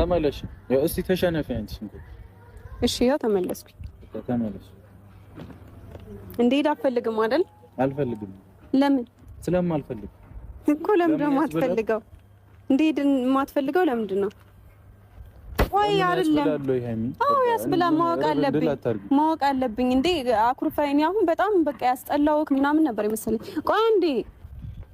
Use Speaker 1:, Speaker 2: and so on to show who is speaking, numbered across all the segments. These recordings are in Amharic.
Speaker 1: ተመለሽ። እስቲ ተሸነፊ አንቺ።
Speaker 2: እሺ ያው ተመለስኩ። ተመለሽ። እንዴት አትፈልግም አይደል? አልፈልግም። ለምን?
Speaker 1: ስለማልፈልግ
Speaker 2: እኮ። ለምንድን ነው የማትፈልገው? እንዴት የማትፈልገው ለምንድን ነው? ወይ አይደለም። አዎ ያስብላ። ማወቅ አለብኝ ማወቅ አለብኝ። እንዴ አኩርፋይን። አሁን በጣም በቃ ያስጠላውክ ምናምን ነበር የመሰለኝ። ቆይ እንዴ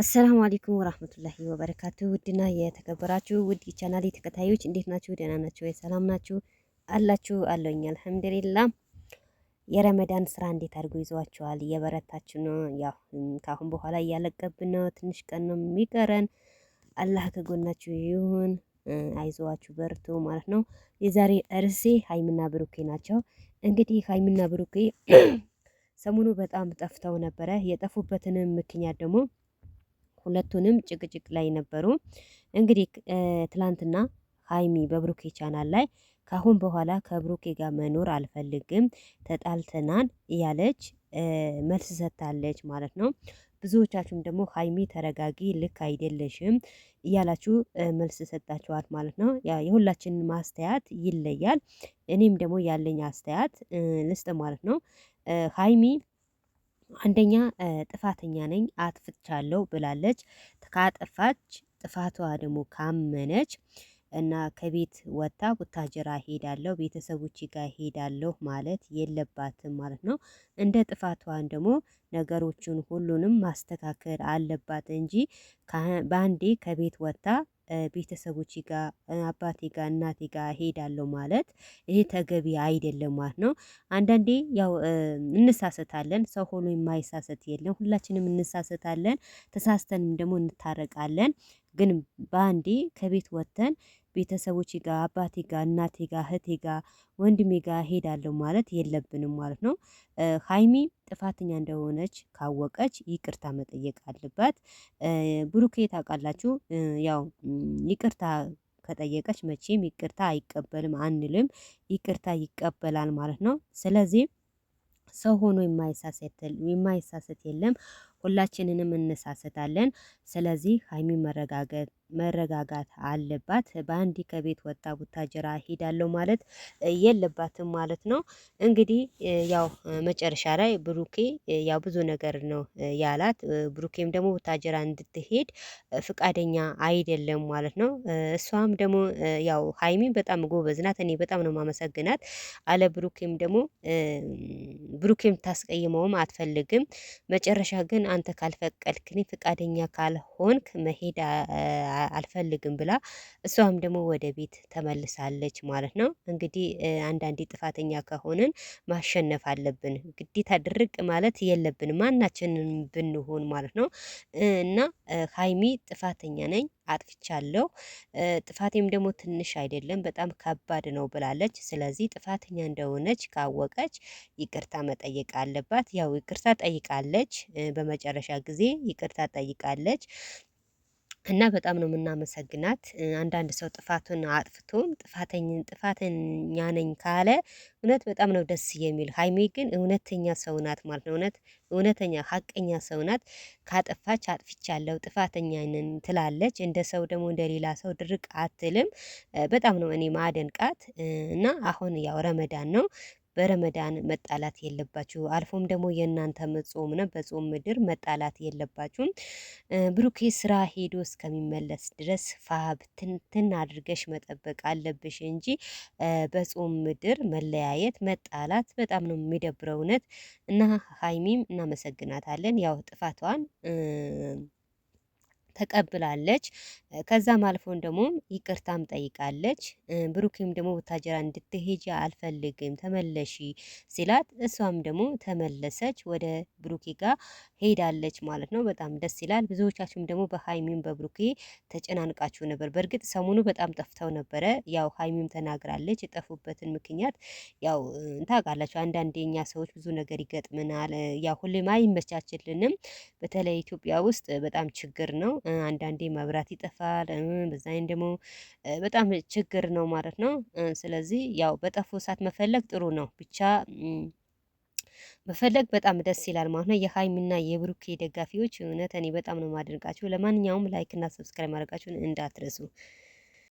Speaker 2: አሰላሙ አለይኩም ወራህመቱላሂ ወበረካቱ። ውድና የተከበራችሁ ውድ ቻናል ተከታዮች እንዴት ናችሁ? ደህና ናችሁ? የሰላም ናችሁ አላችሁ? አለኝ አልሐምዱሊላ። የረመዳን ስራ እንዴት አድርጎ ይዘዋችኋል እየበረታችሁ ነው? ያው ካሁን በኋላ እያለቀብን ነው፣ ትንሽ ቀን ነው የሚቀረን። አላህ ከጎናችሁ ይሁን፣ አይዟችሁ፣ በርቱ ማለት ነው። የዛሬ እርሴ ሀይምና ብሩኬ ናቸው። እንግዲህ ሀይምና ብሩኬ ሰሞኑ በጣም ጠፍተው ነበረ። የጠፉበትንም ምክንያት ደግሞ ሁለቱንም ጭቅጭቅ ላይ ነበሩ። እንግዲህ ትላንትና ሀይሚ በብሩኬ ቻናል ላይ ካሁን በኋላ ከብሩኬ ጋር መኖር አልፈልግም ተጣልተናል እያለች መልስ ሰጥታለች ማለት ነው። ብዙዎቻችሁም ደግሞ ሀይሚ ተረጋጊ፣ ልክ አይደለሽም እያላችሁ መልስ ሰጣችኋል ማለት ነው። የሁላችን ማስተያየት ይለያል። እኔም ደግሞ ያለኝ አስተያየት ልስጥ ማለት ነው ሀይሚ አንደኛ ጥፋተኛ ነኝ አጥፍቻለሁ ብላለች። ካጠፋች ጥፋቷ ደግሞ ካመነች እና ከቤት ወጥታ ቡታጀራ ሄዳለሁ ቤተሰቦች ጋር ሄዳለሁ ማለት የለባትም ማለት ነው። እንደ ጥፋቷን ደግሞ ነገሮችን ሁሉንም ማስተካከል አለባት እንጂ በአንዴ ከቤት ወጥታ ቤተሰቦች ጋር አባቴ ጋር እናቴ ጋር ሄዳለሁ ማለት ይሄ ተገቢ አይደለም ማለት ነው። አንዳንዴ ያው እንሳሰታለን። ሰው ሆኖ የማይሳሰት የለም። ሁላችንም እንሳሰታለን። ተሳስተንም ደግሞ እንታረቃለን። ግን በአንዴ ከቤት ወጥተን ቤተሰቦች ጋ አባቴ ጋ፣ እናቴ ጋ፣ እህቴ ጋ፣ ወንድሜ ጋ ሄዳለሁ ማለት የለብንም ማለት ነው። ሀይሚ ጥፋተኛ እንደሆነች ካወቀች ይቅርታ መጠየቅ አለባት። ብሩኬ ታውቃላችሁ፣ ያው ይቅርታ ከጠየቀች መቼም ይቅርታ አይቀበልም አንልም፣ ይቅርታ ይቀበላል ማለት ነው። ስለዚህ ሰው ሆኖ የማይሳሰት የለም። ሁላችንንም እንሳሰታለን። ስለዚህ ሀይሚ መረጋጋት አለባት። በአንድ ከቤት ወጣ ቡታጅራ ሄዳለሁ ማለት የለባትም ማለት ነው። እንግዲህ ያው መጨረሻ ላይ ብሩኬ ያው ብዙ ነገር ነው ያላት። ብሩኬም ደግሞ ቡታጅራ እንድትሄድ ፍቃደኛ አይደለም ማለት ነው። እሷም ደግሞ ያው ሀይሚ በጣም ጎበዝ ናት። እኔ በጣም ነው ማመሰግናት አለ። ብሩኬም ደግሞ ብሩኬም ታስቀይመውም አትፈልግም። መጨረሻ ግን አንተ ካልፈቀድክኝ ፍቃደኛ ካልሆንክ መሄድ አልፈልግም ብላ እሷም ደግሞ ወደ ቤት ተመልሳለች ማለት ነው። እንግዲህ አንዳንዴ ጥፋተኛ ከሆንን ማሸነፍ አለብን። ግዴታ ድርቅ ማለት የለብንም ማናችንን ብንሆን ማለት ነው። እና ሀይሚ ጥፋተኛ ነኝ አጥፍቻለሁ፣ ጥፋቴም ደግሞ ትንሽ አይደለም በጣም ከባድ ነው ብላለች። ስለዚህ ጥፋተኛ እንደሆነች ካወቀች ይቅርታ መጠየቅ አለባት። ያው ይቅርታ ጠይቃለች፣ በመጨረሻ ጊዜ ይቅርታ ጠይቃለች። እና በጣም ነው የምናመሰግናት። አንዳንድ ሰው ጥፋቱን አጥፍቶም ጥፋተኝን ጥፋተኛ ነኝ ካለ እውነት በጣም ነው ደስ የሚል። ሀይሜ ግን እውነተኛ ሰው ናት ማለት ነው። እውነት እውነተኛ ሀቀኛ ሰው ናት። ካጠፋች አጥፍቻለሁ ጥፋተኛንን ትላለች። እንደ ሰው ደግሞ እንደ ሌላ ሰው ድርቅ አትልም። በጣም ነው እኔ ማደንቃት እና አሁን ያው ረመዳን ነው በረመዳን መጣላት የለባችሁ። አልፎም ደግሞ የእናንተ መጾም ነው። በጾም ምድር መጣላት የለባችሁም። ብሩኬ ስራ ሄዶ እስከሚመለስ ድረስ ፋብ ትንትን አድርገሽ መጠበቅ አለብሽ እንጂ በጾም ምድር መለያየት፣ መጣላት በጣም ነው የሚደብረው እውነት እና ሀይሚም እናመሰግናታለን ያው ጥፋቷን ተቀብላለች። ከዛም አልፎን ደግሞ ይቅርታም ጠይቃለች። ብሩኬም ደግሞ ቡታጀራ እንድትሄጂ አልፈልግም ተመለሺ ሲላት እሷም ደግሞ ተመለሰች፣ ወደ ብሩኬ ጋር ሄዳለች ማለት ነው። በጣም ደስ ይላል። ብዙዎቻችሁም ደግሞ በሀይሚም በብሩኬ ተጨናንቃችሁ ነበር። በእርግጥ ሰሞኑ በጣም ጠፍተው ነበረ። ያው ሀይሚም ተናግራለች የጠፉበትን ምክንያት። ያው ታውቃላችሁ አንዳንዴ እኛ ሰዎች ብዙ ነገር ይገጥምናል። ያው ሁሌም አይመቻችልንም። በተለይ ኢትዮጵያ ውስጥ በጣም ችግር ነው። አንዳንዴ መብራት ይጠፋል። በዛይን ደግሞ በጣም ችግር ነው ማለት ነው። ስለዚህ ያው በጠፉ እሳት መፈለግ ጥሩ ነው ብቻ መፈለግ በጣም ደስ ይላል ማለት ነው። የሀይሚና የብሩኬ ደጋፊዎች እውነት እኔ በጣም ነው ማደንቃችሁ። ለማንኛውም ላይክ እና ሰብስክራይብ ማድረጋችሁን እንዳትረሱ።